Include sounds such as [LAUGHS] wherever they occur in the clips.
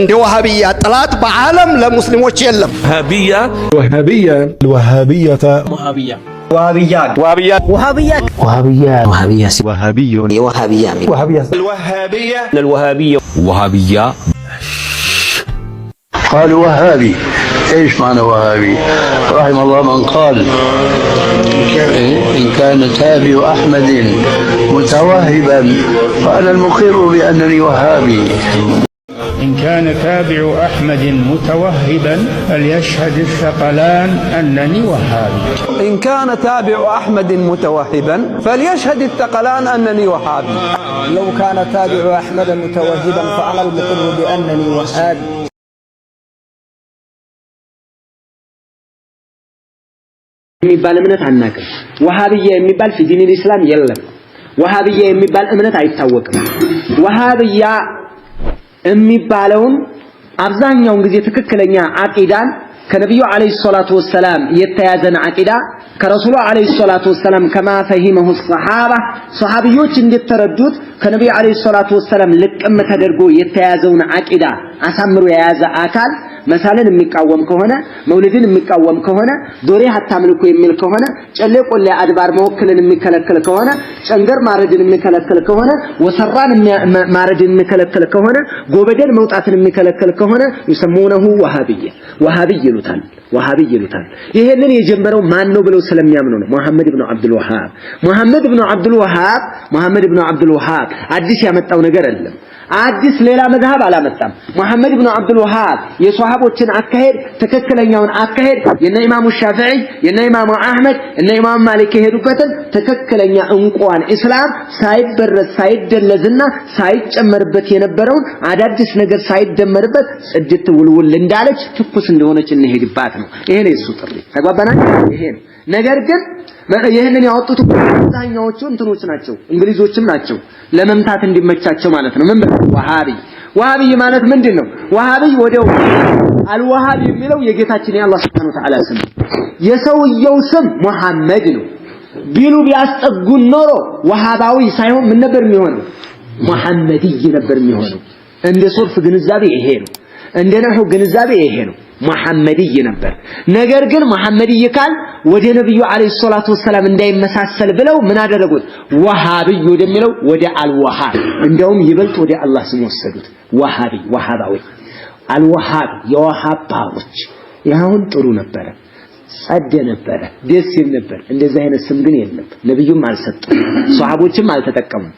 الوهابية طلعت بعالم لمسلم وشيلم هابية وهابية الوهابية وهابية وهابية وهابيات وهابيات وهابية وهابية وهابية وهابية الوهابية للوهابية وهابية قال وهابي ايش معنى وهابي؟ رحم الله من قال ان كان تابي احمد متوهبا فانا المقر بانني وهابي إن كان تابع أحمد متوهبا فليشهد الثقلان أنني وهابي إن كان تابع أحمد متوهبا فليشهد الثقلان أنني وهابي لو كان تابع أحمد متوهبا فأنا المقر بأنني وهابي የሚባል እምነት አናቅም። ወሃብያ የሚባል ፊዲኒል ኢስላም የለም። ወሃብያ የሚባል እምነት አይታወቅም። ወሃብያ የሚባለውን አብዛኛውን ጊዜ ትክክለኛ አቂዳን ከነቢዩ ዓለይሂ ሰላቱ ወሰላም የተያዘን አቂዳ ከረሱሉ ዓለይሂ ሰላቱ ወሰላም ከማ ፈሂመሁ ሰሓባ ሰሓቢዮች እንደተረዱት ከነቢዩ ዓለይሂ ሰላቱ ወሰላም ልቅም ተደርጎ የተያዘውን አቂዳ አሳምሮ የያዘ አካል መሳልን የሚቃወም ከሆነ መውሊድን የሚቃወም ከሆነ ዶሬ አታምልኩ የሚል ከሆነ ጨሌ ቆሌ አድባር መወክልን የሚከለክል ከሆነ ጨንገር ማረድን የሚከለክል ከሆነ ወሰራን ማረድን የሚከለክል ከሆነ ጎበደን መውጣትን የሚከለክል ከሆነ ይሰሙነሁ ወሃብይ ወሃብይ ይሉታል ወሃብይ ይሉታል። ይሄንን የጀመረው ማን ነው ብለው ስለሚያምኑ ነው። መሐመድ ኢብኑ አብዱል ወሃብ መሐመድ ኢብኑ አብዱል ወሃብ መሐመድ ኢብኑ አብዱል ወሃብ አዲስ ያመጣው ነገር አይደለም። አዲስ ሌላ መዝሀብ አላመጣም። መሐመድ ብኑ አብዱል ወሃብ የሰሃቦችን አካሄድ ትክክለኛውን አካሄድ የነ ኢማሙ ሻፊዒ የነ ኢማሙ አህመድ እነ ኢማሙ ማሊክ የሄዱበትን ትክክለኛ እንቋን እስላም ሳይበረዝ ሳይደለዝና ሳይጨመርበት የነበረውን አዳዲስ ነገር ሳይደመርበት ጽድት ውልውል እንዳለች ትኩስ እንደሆነች እንሄድባት ነው። ይሄ ነው የሱ ጥሪ። ተግባባናል? ይሄ ነው ነገር ግን ይህንን ያወጡት አብዛኛዎቹ እንትኖች ናቸው፣ እንግሊዞችም ናቸው። ለመምታት እንዲመቻቸው ማለት ነው። ወሃቢ ወሃቢ ማለት ምንድን ነው? ወሃቢ ወዲያው አልወሃብ የሚለው የጌታችን የአላህ ሱብሓነሁ ወተዓላ ስም የሰውየው ስም መሐመድ ነው ቢሉ ቢያስጠጉን ኖሮ ወሃባዊ ሳይሆን ምን ነበር የሚሆነው? መሐመድይ ነበር የሚሆነው። እንደ ሶርፍ ግንዛቤ ይሄ ነው። እንደ ነህው ግንዛቤ ይሄ ነው። መሐመድይ ነበር። ነገር ግን መሐመድይ ካል ወደ ነብዩ አለይሂ ሰላቱ ወሰላም እንዳይመሳሰል ብለው ምን አደረጉት? ወሃብይ ወደሚለው ወደ አልወሃብ እንደውም ይበልጥ ወደ አላህ ስም ወሰዱት። ወሃብይ ወሃባዊ፣ አልወሃብ የወሃባዎች። ይኸውን ጥሩ ነበረ፣ ጸደ ነበረ፣ ደስ ይል ነበር። እንደዚህ አይነት ስም ግን የለም፣ ነብዩም አልሰጡም፣ ሰሃቦችም አልተጠቀሙም።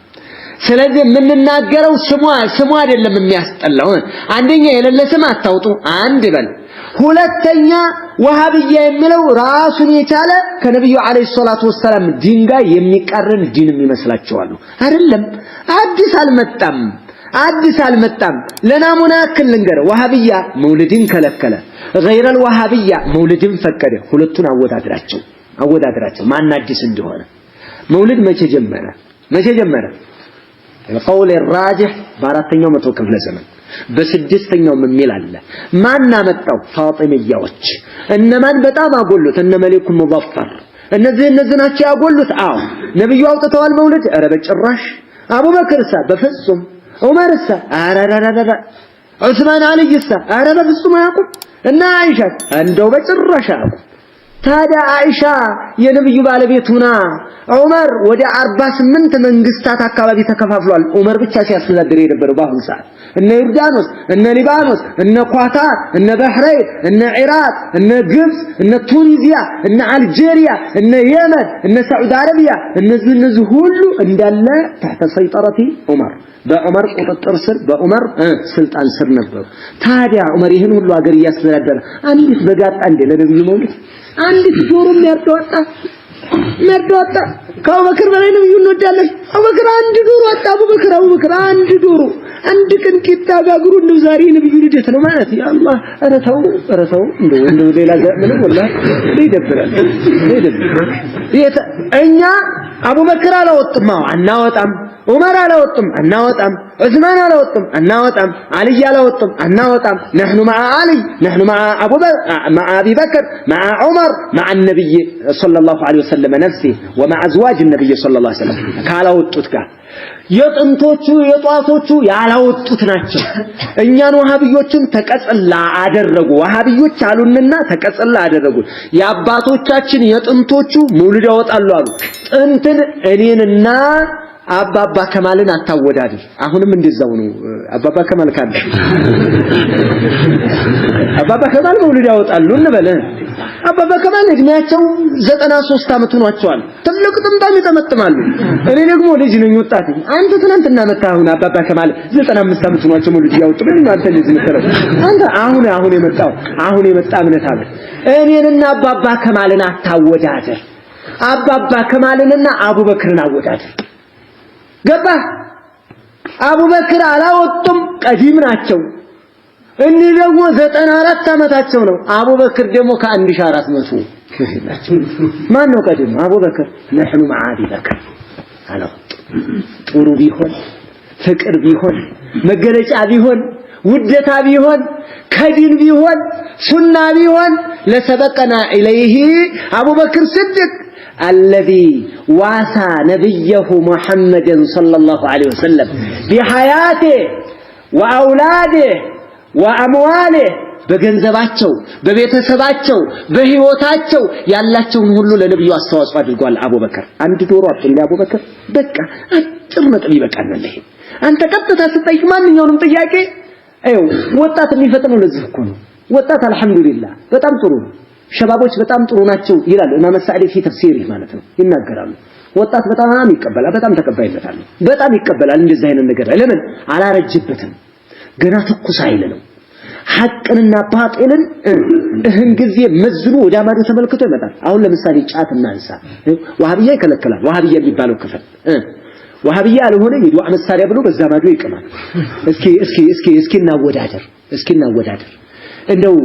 ስለዚህ የምንናገረው ስሟ ስሙ አይደለም የሚያስጠላው። አንደኛ የሌለ ስም አታውጡ አንድ በል። ሁለተኛ ወሃብያ የሚለው ራሱን የቻለ ከነብዩ አለይሂ ሰላቱ ወሰላም ዲን ጋር የሚቃረን ዲንም አይደለም፣ አዲስ አልመጣም፣ አዲስ አልመጣም። ለናሙና ያክል ልንገር፣ ወሃብያ መውልድን ከለከለ፣ ገይረል ወሃብያ መውልድን ፈቀደ። ሁለቱን አወዳድራቸው፣ አወዳድራቸው ማን አዲስ እንደሆነ። መውልድ መቼ ጀመረ? መቼ ጀመረ? القول ራጅህ በአራተኛው መቶ ክፍለ ዘመን በስድስተኛው የሚል አለ። ማን አመጣው? ፋጢሚያዎች። እነማን በጣም አጎሉት? እነ መሊኩ ሙዘፈር። እነዚህ እነዚህ ናቸው ያጎሉት። አዎ ነብዩ አውጥተዋል መውለድ? ኧረ በጭራሽ። አቡበክርሳ በፍጹም ዑመርሳ፣ አረረረረ ዑስማን አልይሳ፣ አረ በፍጹም አያውቁም። እና አይሻ እንደው በጭራሽ አያውቁም። ታዲያ አይሻ የነብዩ ባለቤት ሁና ዑመር ወደ 48 መንግስታት አካባቢ ተከፋፍሏል። ዑመር ብቻ ሲያስተዳድር የነበረው በአሁኑ ሰዓት እነ ዮርዳኖስ፣ እነ ሊባኖስ፣ እነ ኳታር፣ እነ ባህሬን፣ እነ ኢራቅ፣ እነ ግብጽ፣ እነ ቱኒዚያ፣ እነ አልጄሪያ፣ እነ የመን፣ እነ ሳዑዲ አረቢያ እነዚህ እነዚህ ሁሉ እንዳለ تحت سيطرة ዑመር በዑመር ቁጥጥር ስር በዑመር ስልጣን ስር ነበሩ። ታዲያ ዑመር ይህን ሁሉ ሀገር እያስተዳደረ አንዲት በጋጣ እንደ ለነብዩ መውለድ አንዲት ጆሮ የሚያርደዋጣ የሚያርደዋጣ ከአቡበክር በላይ ነብዩ እንወዳለን። አቡበክር አንድ ዶሮ አጣ። አቡበክር አቡበክር አንድ ዶሮ አንድ ቀን ቂጣ ጋግሩ። እንደው ዛሬ ነብዩ ልደት ነው ማለት ያ አላህ። ኧረ ተው ኧረ ተው። እንደው እንደው ሌላ ምንም ወላሂ ይደብራል ይደብራል። እኛ أبو بكر على وطم ما أنا وطم عمر على وطم أنا وطم عثمان على وطم أنا وطم علي على وطم أنا وطم نحن مع علي نحن مع أبو بكر آه، مع أبي بكر مع عمر مع النبي صلى الله عليه وسلم نفسه ومع أزواج النبي صلى الله عليه وسلم قال وطتك የጥንቶቹ የጧቶቹ ያላወጡት ናቸው። እኛን ወሃብዮችን ተቀጽላ አደረጉ። ወሃብዮች አሉንና ተቀጽላ አደረጉ። የአባቶቻችን የጥንቶቹ መውሊድ ያወጣሉ አሉ። ጥንትን እኔንና አባባ ከማልን አታወዳድር። አሁንም እንደዛው ነው። አባባ ከማል ካለ አባባ ከማል መውልድ ያወጣሉ እንበለ። አባባ ከማል እድሜያቸው ዘጠና ሦስት ዓመት ሆኗቸዋል። ትልቅ ጥምጣም ይጠመጥማሉ። እኔ ደግሞ ልጅ ነኝ ወጣት። አንተ ትናንትና መጣህ። አሁን አባባ ከማል ዘጠና አምስት ዓመት ሆኗቸው መውልድ ያወጡ። ምን አንተ ልጅ ነህ አንተ። አሁን አሁን የመጣው አሁን የመጣ እምነት አለ። እኔንና አባባ ከማልን አታወዳድር። አባባ ከማልንና አቡበክርን አወዳድር። ገባ አቡበክር አላወጡም፣ ቀዲም ናቸው። እኒህ ደግሞ ዘጠና አራት ዓመታቸው ነው። አቡበክር ደግሞ ከአንድ ሺህ አራት መቶ ማን ነው [LAUGHS] ቀዲም? አቡበክር ነህኑ መዓ በክር አላወጡም። ጥሩ ቢሆን ፍቅር ቢሆን መገለጫ ቢሆን ውደታ ቢሆን ከዲን ቢሆን ሱና ቢሆን ለሰበቀና ኢለይሂ አቡበክር ስድቅ አለዚ ዋሳ ነብየሁ ሙሐመድን ሰለላሁ ዐለይሂ ወሰለም ቢሐያቴ ወአውላዴ ወአምዋሌ በገንዘባቸው፣ በቤተሰባቸው፣ በህይወታቸው ያላቸውን ሁሉ ለነብዩ አስተዋጽኦ አድርጓል። አቡበከር አንድ ዶሮ አጥም አቡበከር በቃ አጭር ነጥብ ይበቃናል። ይሄ አንተ ቀጥታ ስጠይቅ ማንኛውንም ጥያቄ አይው ወጣት የሚፈጥነው ለዚህ እኮ ነው። ወጣት አልሐምዱሊላህ በጣም ጥሩ ነው። ሸባቦች በጣም ጥሩ ናቸው ይላሉ እና ሳዕዲ ፊ ተፍሲር ማለት ነው ይናገራሉ። ወጣት በጣም ይቀበላል፣ በጣም ተቀባይነት አለው፣ በጣም ይቀበላል። እንደዚህ አይነት ነገር ለምን አላረጅበትም? ገና ትኩስ ኃይል ነው። ሐቅንና ባጤልን እህን ጊዜ መዝኑ ወደ አማዱ ተመልክቶ ይመጣል። አሁን ለምሳሌ ጫት እናንሳ። ዋሃብያ ይከለከላል። ዋሃብያ የሚባለው ክፍል ዋሃብያ አልሆነ የዱዓ መሳሪያ ብሎ በዛ ማዶ ይቀማል። እስኪ እስኪ እስኪ እስኪ እናወዳደር፣ እስኪ እናወዳደር እንደው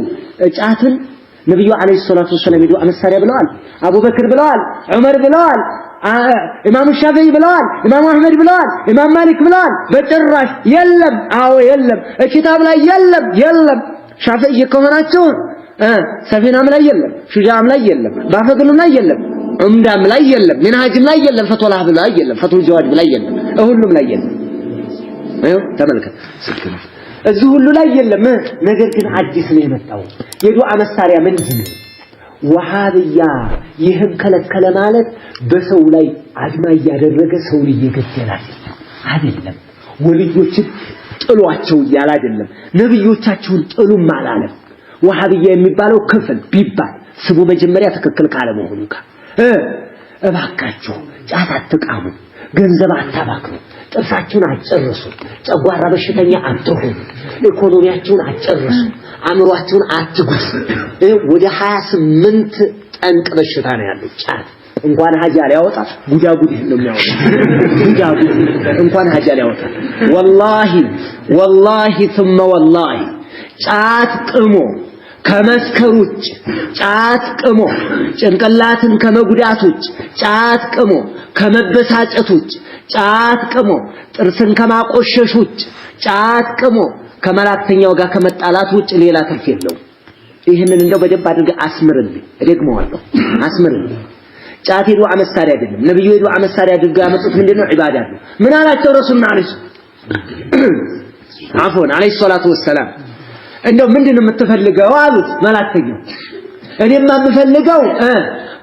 ጫትን ነብዩ አለይሂ ሰላቱ ወሰለም የዱዓ መሳሪያ ብለዋል። አቡበክር ብለዋል፣ ዑመር ብለዋል፣ ኢማሙ ሻፊዒ ብለዋል፣ ኢማሙ አህመድ ብለዋል፣ ኢማም ማሊክ ብለዋል። በጭራሽ የለም። አዎ የለም። ኪታብ ላይ የለም፣ የለም። ሻፊዒ ከሆናችሁ ሰፊናም ላይ የለም፣ ሹጃም ላይ የለም፣ ባፈግሉም ላይ የለም፣ ዑምዳም ላይ የለም፣ ሚንሃጅም ላይ የለም፣ ፈትወል ሀብ ላይ የለም፣ ፈትወል ጀዋድ ላይ የለም፣ ሁሉም ላይ የለም። ተመልከት እዚህ ሁሉ ላይ የለም። ነገር ግን አዲስ ነው የመጣው የዱአ መሳሪያ ምንድን ነው? ወሃብያ። ይህን ከለከለ ማለት በሰው ላይ አድማ እያደረገ ሰውን እየገደላል አይደለም። ወልዮችን ጥሏቸው እያለ አይደለም። ነብዮቻችሁን ጥሉም አላለም። ወሃብያ የሚባለው ክፍል ቢባል ስሙ መጀመሪያ ትክክል ካለመሆኑ ጋር እባካችሁ ጫት አትቃሙ ገንዘብ አታባክኑ፣ ጥርሳችሁን አትጨርሱ፣ ጨጓራ በሽተኛ አትሁኑ፣ ኢኮኖሚያችሁን አትጨርሱ፣ አእምሯችሁን አትጉሱ። ወደ ሀያ ስምንት ጠንቅ በሽታ ነው ያለው ጫት እንኳን ሀጃ ሊያወጣ ጉዳጉድ ነው የሚያወጣ ጉዳጉድ እንኳን ሀጃ ሊያወጣ ወላሂ ወላሂ ثم ወላሂ ጫት ቅሞ ከመስከር ውጭ ጫት ቅሞ ጭንቅላትን ከመጉዳት ውጭ ጫት ቅሞ ከመበሳጨት ውጭ ጫት ቅሞ ጥርስን ከማቆሸሽ ውጭ ጫት ቅሞ ከመላክተኛው ጋር ከመጣላት ውጭ ሌላ ትርፍ የለው። ይህንን እንደው በደንብ አድርገህ አስምርልኝ። እደግመዋለሁ፣ አስምርልኝ። ጫት የዱዓ መሳሪያ አይደለም። ነብዩ የዱዓ መሳሪያ አድርገው ያመጡት ምንድነው? ዒባዳ ነው። ምን አላቸው ረሱልና አለይሂ አፎን አለይሂ ሰላቱ ወሰላም እንደው ምንድን የምትፈልገው አሉት መላክተኛው። እኔማ የምፈልገው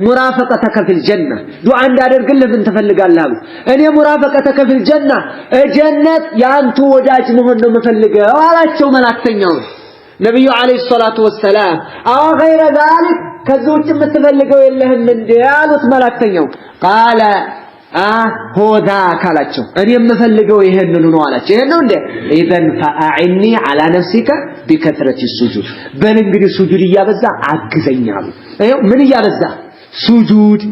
ሙራፈቀ ተከፍል ጀና ዱዓ እንዳደርግልህ ምን ትፈልጋለህ? አሉት። እኔ ሙራፈቀ ተከፍል ጀና እጀነት የአንቱ ወዳጅ መሆን ነው የምፈልገው አላቸው መላክተኛው። ነቢዩ አለይሂ ሰላቱ ወሰላም አዎ ገይረ ዛሊክ ከዚህ ውጭ የምትፈልገው የለህም እንዴ? አሉት መላክተኛው ቃለ አሆዳ ካላቸው እኔ የምፈልገው ይሄንን ነው አላቸው። ይሄን ነው እንዴ? ኢዘን ፈአዕኒ አላ ነፍሲከ ቢከትረት ሱጁድ፣ በል እንግዲህ ሱጁድ እያበዛ አግዘኛሉ። ይኸው ምን እያበዛ ሱጁድ፣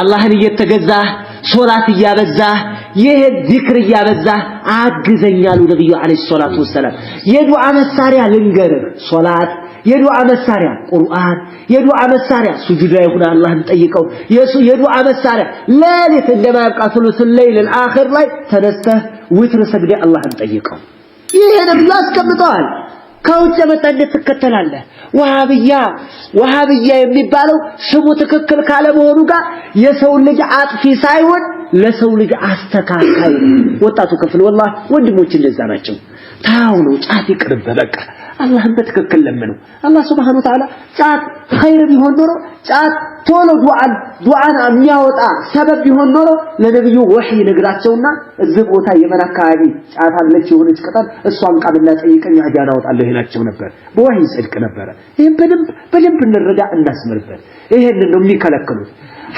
አላህን እየተገዛህ ሶላት እያበዛህ ይሄ ዚክር እያበዛህ አግዘኛሉ። ነብዩ አለይሂ ሰላቱ ወሰላም የዱዓ መሳሪያ ልንገርህ ሶላት የዱዓ መሳሪያ ቁርአን፣ የዱዓ መሳሪያ ሱጁዳ ይሁን አላህን ጠይቀው፣ የዱዓ መሳሪያ ሌሊት እንደማያብቃ ሱሉሱል ለይል አኺር ላይ ተነስተህ ዊትር ሰግደ አላህን ጠይቀው። ይሄ ነብዩ አስቀምጠዋል። ከውጭ የመጣ እንዴት ትከተላለህ? ወሃብያ ወሃብያ የሚባለው ስሙ ትክክል ካለመሆኑ ጋር የሰው ልጅ አጥፊ ሳይሆን ለሰው ልጅ አስተካካይ ወጣቱ ክፍል ወላሂ ወንድሞች እንደዛ ናቸው። ታው ነው ጫት ይቅርብህ በቃ አላህን በትክክል ለምነው። አላህ ሱብሓነሁ ወተዓላ ጫት ኸይር ቢሆን ኖሮ ጫት ቶሎ ዱዓን የሚያወጣ ሰበብ ቢሆን ኖሮ ለነብዩ ወህይ ነግራቸውና እዚህ ቦታ የመን አካባቢ ጫት አለች የሆነች ቅጠል እሷን ቃብላ ጠይቀኝ አጃና አወጣለሁ ይላቸው ነበር። በወህይ ጽድቅ ነበረ። ይሄን በደንብ በደንብ እንረዳ እናስምርበት። ይሄን ነው የሚከለክሉት።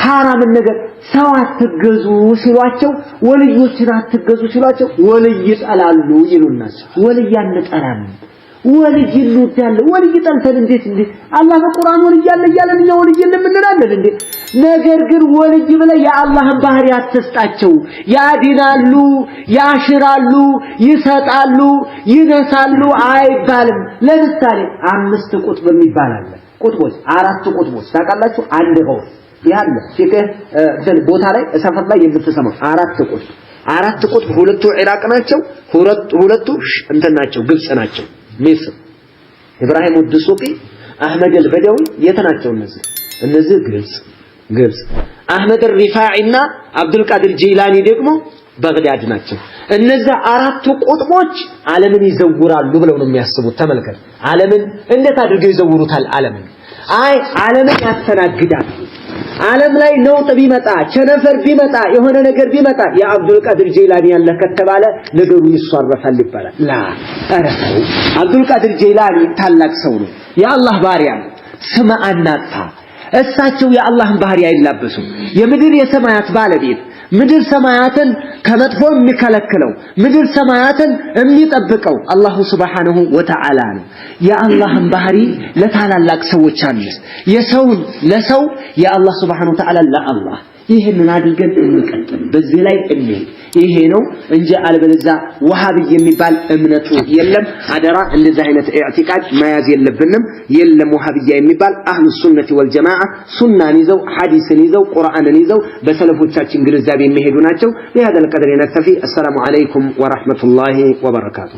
ሐራምን ነገር ሰው አትገዙ ሲሏቸው፣ ወልዮችን አትገዙ ሲሏቸው ወልይ ይጠላሉ ይሉናቸው። ወልይ አንጠላም ወልይ እንወዳለን ወልጅ ጠልተን እንዴት እንዴ አላህ በቁርአን ወልይ አለ እያለን እኛ ወልይ እንምንላለን እንዴ ነገር ግን ወልይ ብለህ የአላህን ባህሪ አትስጣቸው ያዲናሉ ያሽራሉ ይሰጣሉ ይነሳሉ አይባልም ለምሳሌ አምስት ቁጥብ የሚባል አለ ቁጥቦች አራት ቁጥቦች ታውቃላችሁ አንድ ሆስ ያለ ፍቅህ ቦታ ላይ ሰፈር ላይ የምትሰማው አራት ቁጥብ አራት ቁጥብ ሁለቱ ኢራቅ ናቸው ሁለቱ እንትን ናቸው ግብጽ ናቸው ሚስር ኢብራሂም ወድሱቂ አህመድ አልበዳዊ የተናቸው እነዚህ እነዚህ ግብጽ ግብጽ አህመድ ሪፋዒና አብዱል ቃድር ጂላኒ ደግሞ በግዳድ ናቸው። እነዚህ አራቱ ቁጥቦች ዓለምን ይዘውራሉ ብለው ነው የሚያስቡት። ተመልከት፣ ዓለምን እንዴት አድርገው ይዘውሩታል? ዓለምን አይ ዓለምን ያስተናግዳል ዓለም ላይ ነውጥ ቢመጣ ቸነፈር ቢመጣ የሆነ ነገር ቢመጣ የአብዱል ቀድር ጀላኒ ያለ ከተባለ ነገሩ ይሷረፋል ይባላል። ላ ኧረ አብዱል ቀድር ጀላኒ ታላቅ ሰው ነው። የአላህ ባሪያ ነው። ስም አናጥፋ። እሳቸው የአላህን ባህሪ አይላበሱም። የምድር የሰማያት ባለቤት ምድር ሰማያትን ከመጥፎ የሚከለክለው ምድር ሰማያትን የሚጠብቀው አላሁ ስብሓንሁ ወተዓላ ነው። የአላህን ባህሪ ለታላላቅ ሰዎች አንስ፣ የሰውን ለሰው፣ የአላህ ስብሓንሁ ወተዓላ ለአላህ። ይህንን አድርገን እንቀጥል፣ በዚህ ላይ እንሄድ። ይሄ ነው እንጂ አልበለዛ ወሃብይ የሚባል እምነቱ የለም። አደራ እንደዚህ አይነት ኢዕቲቃድ መያዝ የለብንም። የለም ወሃብያ የሚባል አህሉ ሱነት ወል ወልጀማዓ ሱናን ይዘው ሐዲስን ይዘው ቁርአንን ይዘው በሰለፎቻችን ግንዛቤ የሚሄዱ ናቸው። በሀዘል ቀድር ነክተፊ። አሰላሙ አለይኩም ወራህመቱላሂ ወበረካቱ።